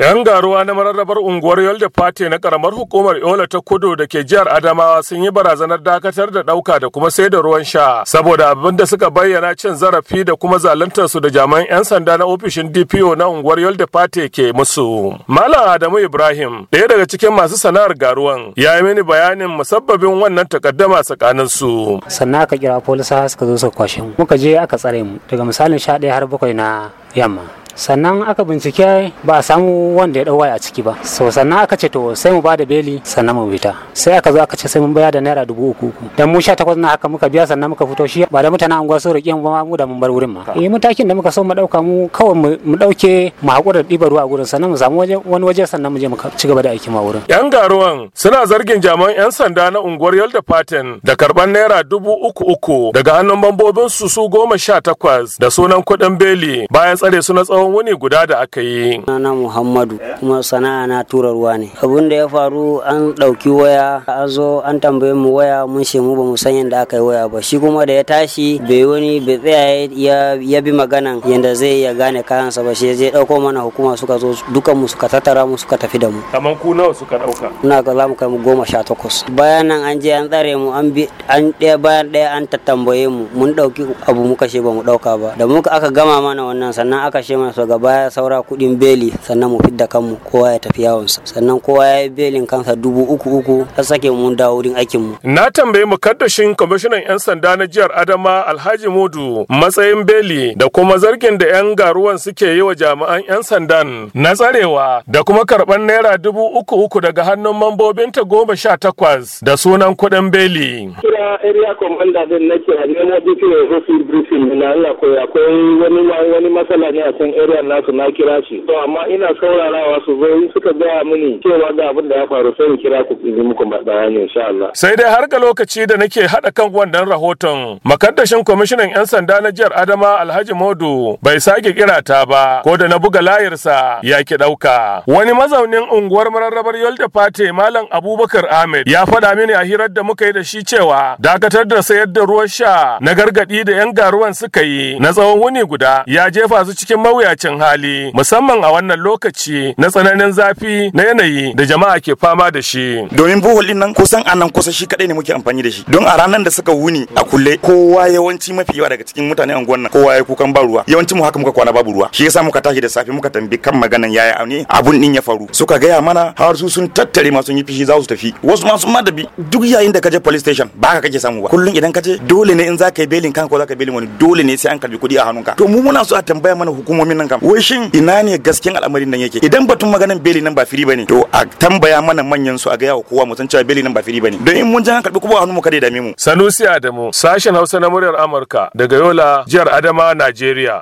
'Yan garuwa na mararrabar unguwar Yolda Fate na karamar hukumar Yola ta Kudu da ke jihar Adamawa sun yi barazanar dakatar da ɗauka da kuma sai da ruwan sha saboda abin da suka bayyana cin zarafi da kuma zaluntar su da jami'an 'yan sanda na ofishin DPO na unguwar Yolda Fate ke musu. Malam Adamu Ibrahim, ɗaya daga cikin masu sana'ar garuwan, ya yi mini bayanin musabbabin wannan takaddama tsakanin su. Sannan aka kira polisa suka zo suka kwashe mu. Muka je aka tsare mu daga misalin sha ɗaya har bakwai na yamma. sannan aka bincike ba a samu wanda ya dau waya a ciki ba so sannan aka ce to sai mu bada beli sannan mu fita sai aka zo aka ce sai mun bayar da naira dubu uku uku dan mu sha takwas na haka muka biya sannan muka fito shi ba da mutanen anguwa sun rike mu ba mu da mun bar wurin ma eh matakin da muka so mu dauka mu kawai mu dauke mu hakura da ɗibar ruwa a gurin sannan mu samu waje wani waje sannan mu je mu ci gaba da aikin ma wurin yan garuwan suna zargin jaman yan sanda na unguwar Yolda faten da karban naira dubu uku uku daga hannun bambobin su su goma sha takwas da sunan kuɗin beli bayan tsare su na tsawon tsawon wani guda da aka yi. Sunana Muhammadu kuma sana'a na tura ruwa ne. Abin da ya faru an ɗauki waya an zo an tambaye mu waya mun shi mu ba mu san yadda aka yi waya ba. Shi kuma da ya tashi bai wani bai tsaya ya bi maganan yadda zai ya gane kayansa ba shi zai ɗauko mana hukuma suka zo dukan mu suka tattara mu suka tafi da mu. Kamar ku nawa suka ɗauka? Ina ga za mu kai mu goma sha takwas. Bayan nan an je an tsare mu an bi an ɗaya bayan ɗaya an tattambaye mu mun ɗauki abu muka shi ba mu ɗauka ba. Da muka aka gama mana wannan sannan aka ce mana sannan su gaba ya saura kuɗin beli sannan mu fidda kanmu kowa ya tafi yawonsa sannan kowa ya yi belin kansa dubu uku uku har sake mun dawo wurin aikin mu. na tambayi mukaddashin kwamishinan 'yan sanda na jihar adama alhaji mudu matsayin beli da kuma zargin da 'yan garuwan suke yi wa jami'an 'yan sandan na tsarewa da kuma karɓar naira dubu uku uku daga hannun mambobinta goma sha takwas da sunan kuɗin beli. ita area commander din nake a nemo dp ya zo su briefing na Allah ko akwai wani wani masala ne a can area nasu na kira shi to amma ina saurarawa su zo in suka gaya mini cewa ga abin da ya faru sai in kira ku in muku bayani insha Allah sai dai har ga lokaci da nake hada kan wannan rahoton makaddashin kwamishinan yan sanda na jihar Adama Alhaji Modu bai sake kira ta ba ko da na buga layarsa ya ki dauka wani mazaunin unguwar mararrabar Yolda Fate Malam Abubakar Ahmed ya faɗa mini a hirar da muka yi da shi cewa dakatar da sayar da ruwan sha na gargadi da 'yan garuwan suka yi na tsawon wuni guda ya jefa su cikin mawuyacin hali musamman a wannan lokaci na tsananin zafi na yanayi da jama'a ke fama da shi. Domin buhul din nan kusan a nan kusa shi kadai ne muke amfani da shi don a ranar da suka wuni a kulle kowa yawanci mafi yawa daga cikin mutanen unguwan nan kowa ya kukan ba ruwa yawanci mu haka muka kwana babu ruwa shi yasa muka tashi da safe muka tambi kan maganan yaya ne abun din ya faru suka gaya mana har su sun tattare masu yi fishi za su tafi wasu masu madabi duk yayin da ka je police station ba haka kake samu ba kullun idan ka ce. dole ne in za ka yi belin kanka ko za ka belin wani dole ne sai an karbi kuɗi a hannunka to mu muna so a tambaya mana hukumomin nan kam wai shin ina ne gasken al'amarin nan yake idan batun maganan beli nan ba firi bane to a tambaya mana manyan su a ga yawa kowa mu san cewa beli nan ba firi bane don in mun ji an karbi kuma a hannunmu kada ya dame mu Sanusi Adamu sashen Hausa na muryar Amurka daga Yola jihar Adama Najeriya